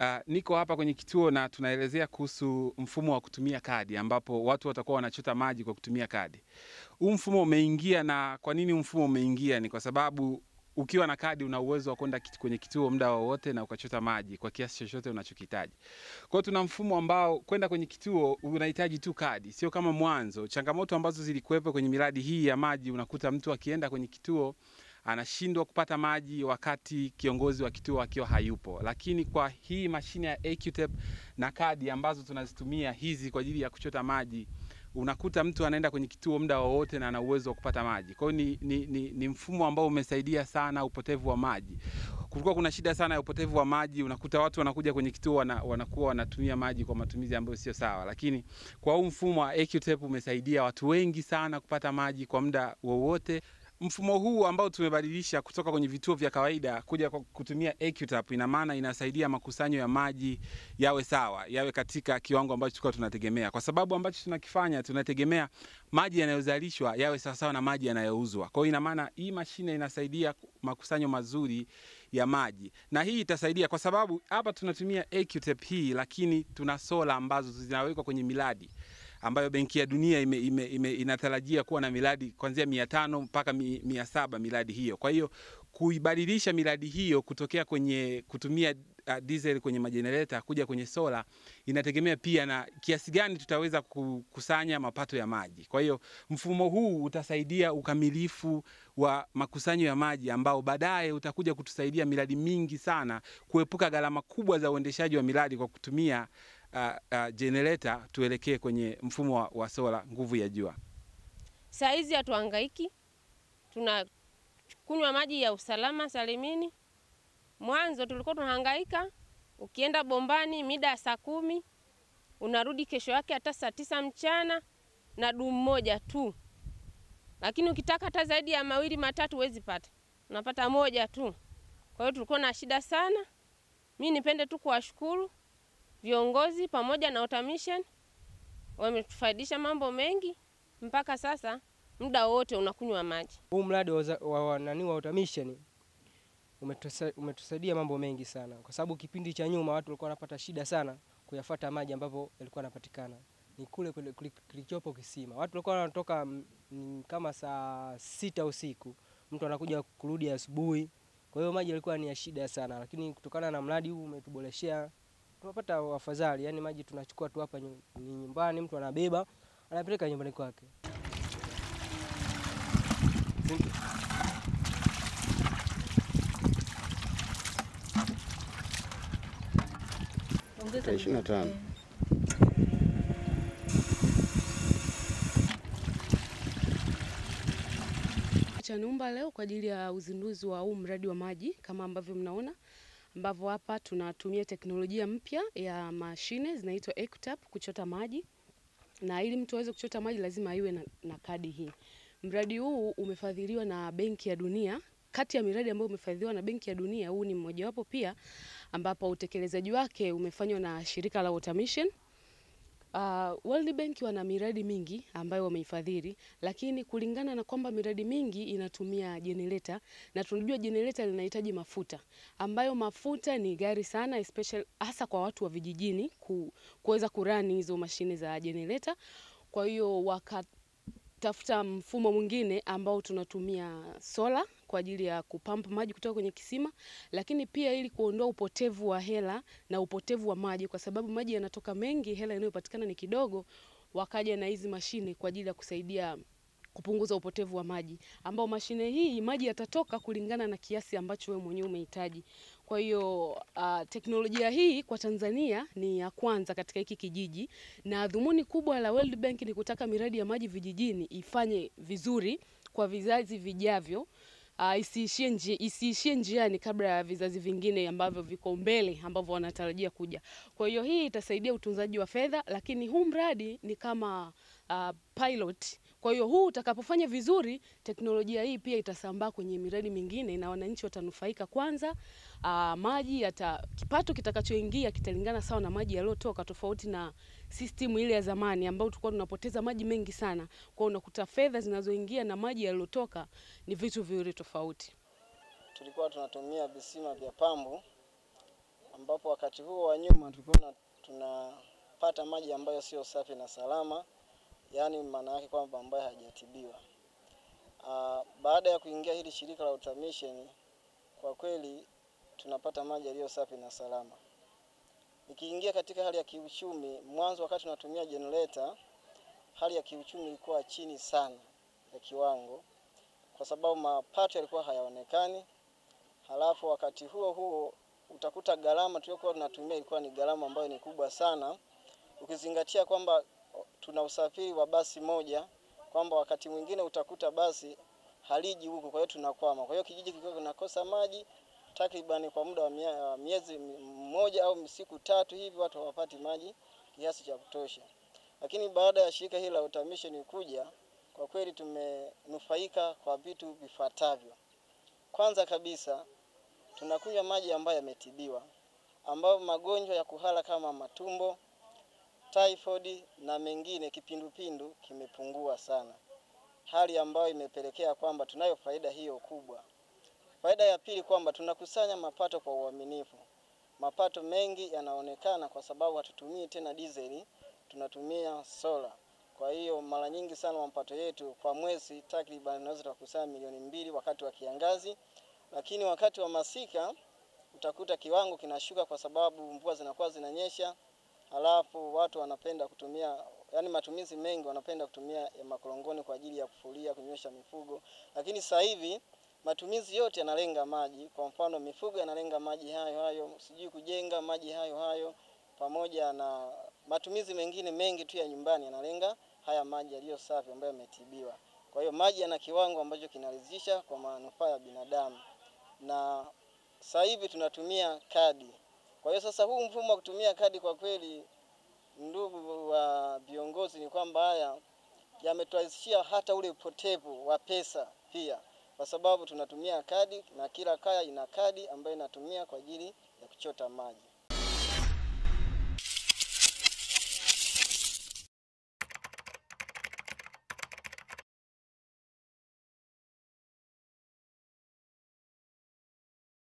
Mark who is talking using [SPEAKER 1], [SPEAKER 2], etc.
[SPEAKER 1] Uh, niko hapa kwenye kituo na tunaelezea kuhusu mfumo wa kutumia kadi ambapo watu watakuwa wanachota maji kwa kutumia kadi. Huu mfumo umeingia, na kwa nini mfumo umeingia? Ni kwa sababu ukiwa na kadi una uwezo wa kwenda kwenye kituo muda wowote na ukachota maji kwa kiasi chochote unachokihitaji. Kwa hiyo tuna mfumo ambao kwenda kwenye kituo unahitaji tu kadi, sio kama mwanzo. Changamoto ambazo zilikuwepo kwenye miradi hii ya maji, unakuta mtu akienda kwenye kituo anashindwa kupata maji wakati kiongozi wa kituo akiwa hayupo. Lakini kwa hii mashine ya AQTEP na kadi ambazo tunazitumia hizi kwa ajili ya kuchota maji, unakuta mtu anaenda kwenye kituo muda wowote na ana uwezo wa kupata maji. Kwa hiyo ni, ni, ni, ni mfumo ambao umesaidia sana upotevu wa maji. Kulikuwa kuna shida sana ya upotevu wa maji, unakuta watu wanakuja kwenye kituo wana, wanakuwa wanatumia maji kwa matumizi ambayo sio sawa, lakini kwa huu mfumo wa AQTEP umesaidia watu wengi sana kupata maji kwa muda wowote. Mfumo huu ambao tumebadilisha kutoka kwenye vituo vya kawaida kuja kwa kutumia EQTAP, ina maana inasaidia makusanyo ya maji yawe sawa, yawe katika kiwango ambacho tulikuwa tunategemea, kwa sababu ambacho tunakifanya tunategemea maji yanayozalishwa yawe sawasawa na maji yanayouzwa. Kwa hiyo ina maana hii mashine inasaidia makusanyo mazuri ya maji, na hii itasaidia kwa sababu hapa tunatumia EQTAP hii, lakini tuna sola ambazo zinawekwa kwenye miradi ambayo Benki ya Dunia ime, ime, ime, inatarajia kuwa na miradi kuanzia mia tano mpaka mia saba miradi hiyo. Kwa hiyo kuibadilisha miradi hiyo kutokea kwenye kutumia uh, diesel kwenye majenereta kuja kwenye sola inategemea pia na kiasi gani tutaweza kukusanya mapato ya maji. Kwa hiyo mfumo huu utasaidia ukamilifu wa makusanyo ya maji ambao baadaye utakuja kutusaidia miradi mingi sana kuepuka gharama kubwa za uendeshaji wa miradi kwa kutumia Uh, uh, generator tuelekee kwenye mfumo wa, wa sola nguvu ya jua.
[SPEAKER 2] Saa hizi hatuhangaiki, tunakunywa maji ya usalama Salimini. Mwanzo tulikuwa tunahangaika, ukienda bombani mida ya saa kumi unarudi kesho yake hata saa tisa mchana na dumu moja tu, lakini ukitaka hata zaidi ya mawili matatu huwezi pata, unapata moja tu. Kwa hiyo tulikuwa na shida sana. Mi nipende tu kuwashukuru viongozi pamoja na Otamission wametufaidisha mambo mengi mpaka sasa, muda wote unakunywa maji.
[SPEAKER 3] Huu mradi wa nani wa Otamission umetusaidia mambo mengi sana, kwa sababu kipindi cha nyuma watu walikuwa wanapata shida sana kuyafata maji ambapo yalikuwa yanapatikana ni kule kilichopo kisima. Watu walikuwa wanatoka kama saa sita usiku, mtu anakuja kurudi asubuhi. Kwa hiyo maji yalikuwa ni ya shida sana, lakini kutokana na mradi huu umetuboreshea tunapata wafadhali, yani maji tunachukua tu hapa nyumbani, mtu anabeba anapeleka nyumbani kwake.
[SPEAKER 4] Cha Numba leo kwa ajili ya uzinduzi wa huu mradi wa maji kama ambavyo mnaona ambavyo hapa tunatumia teknolojia mpya ya mashine zinaitwa ECTAP kuchota maji, na ili mtu aweze kuchota maji lazima aiwe na, na kadi hii. Mradi huu umefadhiliwa na Benki ya Dunia. Kati ya miradi ambayo umefadhiliwa na Benki ya Dunia, huu ni mmojawapo pia, ambapo utekelezaji wake umefanywa na shirika la Water Mission. Uh, World Bank wana miradi mingi ambayo wameifadhili, lakini kulingana na kwamba miradi mingi inatumia generator na tunajua generator linahitaji mafuta ambayo mafuta ni gari sana especially hasa kwa watu wa vijijini ku, kuweza kurani hizo mashine za generator. Kwa hiyo waka kutafuta mfumo mwingine ambao tunatumia sola kwa ajili ya kupampa maji kutoka kwenye kisima, lakini pia ili kuondoa upotevu wa hela na upotevu wa maji, kwa sababu maji yanatoka mengi, hela inayopatikana ni kidogo. Wakaja na hizi mashine kwa ajili ya kusaidia kupunguza upotevu wa maji, ambao mashine hii maji yatatoka kulingana na kiasi ambacho wewe mwenyewe umehitaji. Kwa hiyo uh, teknolojia hii kwa Tanzania ni ya kwanza katika hiki kijiji, na dhumuni kubwa la World Bank ni kutaka miradi ya maji vijijini ifanye vizuri kwa vizazi vijavyo. Uh, isiishie njia, isiishie njiani kabla ya vizazi vingine ambavyo viko mbele ambavyo wanatarajia kuja. Kwa hiyo hii itasaidia utunzaji wa fedha, lakini huu mradi ni kama uh, pilot kwa hiyo huu utakapofanya vizuri, teknolojia hii pia itasambaa kwenye miradi mingine na wananchi watanufaika. Kwanza aa, ah, maji yata, kipato kitakachoingia kitalingana sawa na maji yaliyotoka, tofauti na system ile ya zamani ambayo tulikuwa tunapoteza maji mengi sana. Kwa unakuta fedha zinazoingia na maji yaliyotoka ni vitu viwili tofauti.
[SPEAKER 5] Tulikuwa tunatumia visima vya pambu, ambapo wakati huo wa nyuma tulikuwa tunapata maji ambayo sio safi na salama yaani maana yake kwamba ambaye hajatibiwa. Uh, baada ya kuingia hili shirika la Utamisheni, kwa kweli tunapata maji yaliyo safi na salama. Nikiingia katika hali ya kiuchumi, mwanzo wakati tunatumia generator, hali ya kiuchumi ilikuwa chini sana ya kiwango, kwa sababu mapato yalikuwa hayaonekani. Halafu wakati huo huo utakuta gharama tuliyokuwa tunatumia ilikuwa ni gharama ambayo ni kubwa sana, ukizingatia kwamba tuna usafiri wa basi moja, kwamba wakati mwingine utakuta basi haliji huku, kwa hiyo tunakwama. Kwa hiyo kijiji kikiwa kinakosa maji takribani kwa muda wa miezi mmoja au siku tatu hivi, watu hawapati maji kiasi cha kutosha. Lakini baada ya shirika hili la Utamisheni kuja, kwa kweli tumenufaika kwa vitu vifuatavyo. Kwanza kabisa tunakunywa maji ambayo yametibiwa, ambayo magonjwa ya kuhara kama matumbo typhoid na mengine, kipindupindu kimepungua sana, hali ambayo imepelekea kwamba tunayo faida hiyo kubwa. Faida ya pili kwamba tunakusanya mapato kwa uaminifu. Mapato mengi yanaonekana kwa sababu hatutumii tena dizeli, tunatumia sola. Kwa hiyo mara nyingi sana mapato yetu kwa mwezi takriban unaweza tukakusanya milioni mbili wakati wa kiangazi, lakini wakati wa masika utakuta kiwango kinashuka kwa sababu mvua zinakuwa zinanyesha halafu watu wanapenda kutumia yani matumizi mengi wanapenda kutumia makorongoni kwa ajili ya kufulia, kunywesha mifugo, lakini sasa hivi matumizi yote yanalenga maji. Kwa mfano, mifugo yanalenga maji hayo hayo, sijui kujenga maji hayo hayo, pamoja na matumizi mengine mengi tu ya nyumbani yanalenga haya maji yaliyo safi ambayo yametibiwa. Kwa hiyo maji yana kiwango ambacho kinaridhisha kwa manufaa ya binadamu, na sasa hivi tunatumia kadi kwa hiyo sasa huu mfumo wa kutumia kadi kwa kweli, ndugu wa viongozi, ni kwamba haya yameturahisishia hata ule upotevu wa pesa pia, kwa sababu tunatumia kadi na kila kaya ina kadi ambayo inatumia kwa ajili ya kuchota maji.